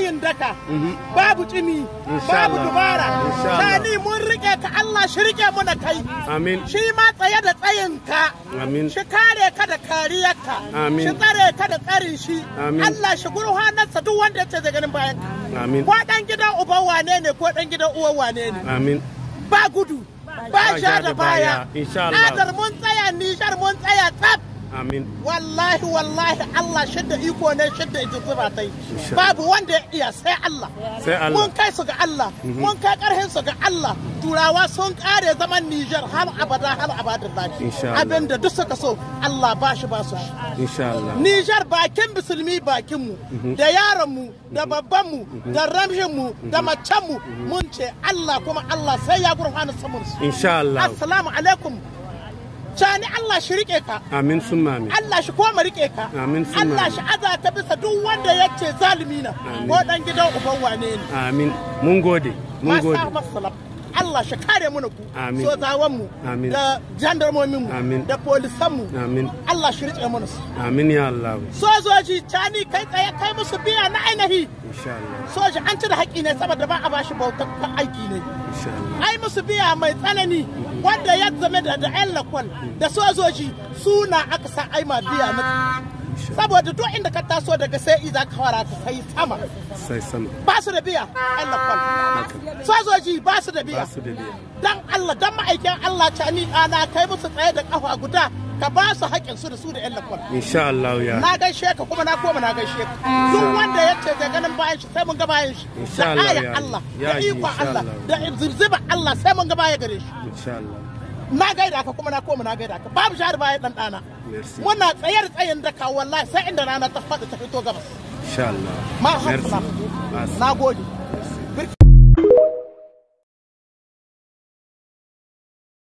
tsayin daka mhm. babu kimi babu dubara sani mun rike ka Allah shi rike mu da kai amin shi ma tsaye da tsayin ka amin shi kare ka da kariyar ka amin shi tsare ka da tsarin shi Allah shi sa duk wanda yace zai ganin bayan ka amin ko dan gidan uban wane ne ko dan gidan uwan wane ne amin ba gudu ba sha da baya insha Allah mun tsaya ni sha amin wallahi wallahi Allah shadda iko ne shadda babu wanda ya iya sai Allah sai Allah mun kai su ga Allah mhm. mun kai karhin su ga Allah turawa sun kare zaman Niger har abada har abada abinda duk suka so Allah ba shi ba su insha Allah Niger bakin musulmi bakin mu mhm. da yaron mu da mhm. babban mu da ramshin mu da macen mu mun ce Allah kuma Allah sai ya gurfana samun su insha Allah assalamu alaikum Sani Allah shi rike ka. Amin sun amin. Allah shi koma rike ka. Amin sun Allah shi aza ta bisa duk wanda ya ce zalimi na. Ko dan gidan uban wane ne. Amin. Mun gode. Mun gode. Allah shi kare mu ku. Amin. Sozawan mu. Amin. Da jandarmomin mu. Amin. Da polisan mu. Amin. Allah shi rike mana su. Amin ya Allah. Sojoji cani kai tsaye kai musu biya na ainihi. Insha Allah. Soji an ci da haƙi ne saboda ba a bashi bautar aiki ne. Insha Allah. Ai musu biya mai tsanani. wanda ya zama da da yan lakwal da sojoji suna aka sa aima biya na saboda duk inda ka taso daga sai i za ka fara ta sai sama sai sama ba su da biya yan lakwal sojoji ba su da biya dan Allah dan ma'aikin Allah ta ni ana kai musu tsaye da kafa guda ka ba su haƙƙin su da su da 'yan lakwal. Insha Allah ya. Na gaishe ka kuma na koma na gaishe ka. Duk wanda ya ce zai ganin bayan shi sai mun ga bayan shi. Insha Allah ya. Allah da ikon Allah da zirziba Allah sai mun ga baya gare shi. Insha Allah. Na gaida ka kuma na koma na gaida ka babu shahar baya ɗan ɗana. Muna tsayar tsayin da ka wallahi sai inda rana ta faɗi ta fito gabas. Insha Allah. Ma na gode.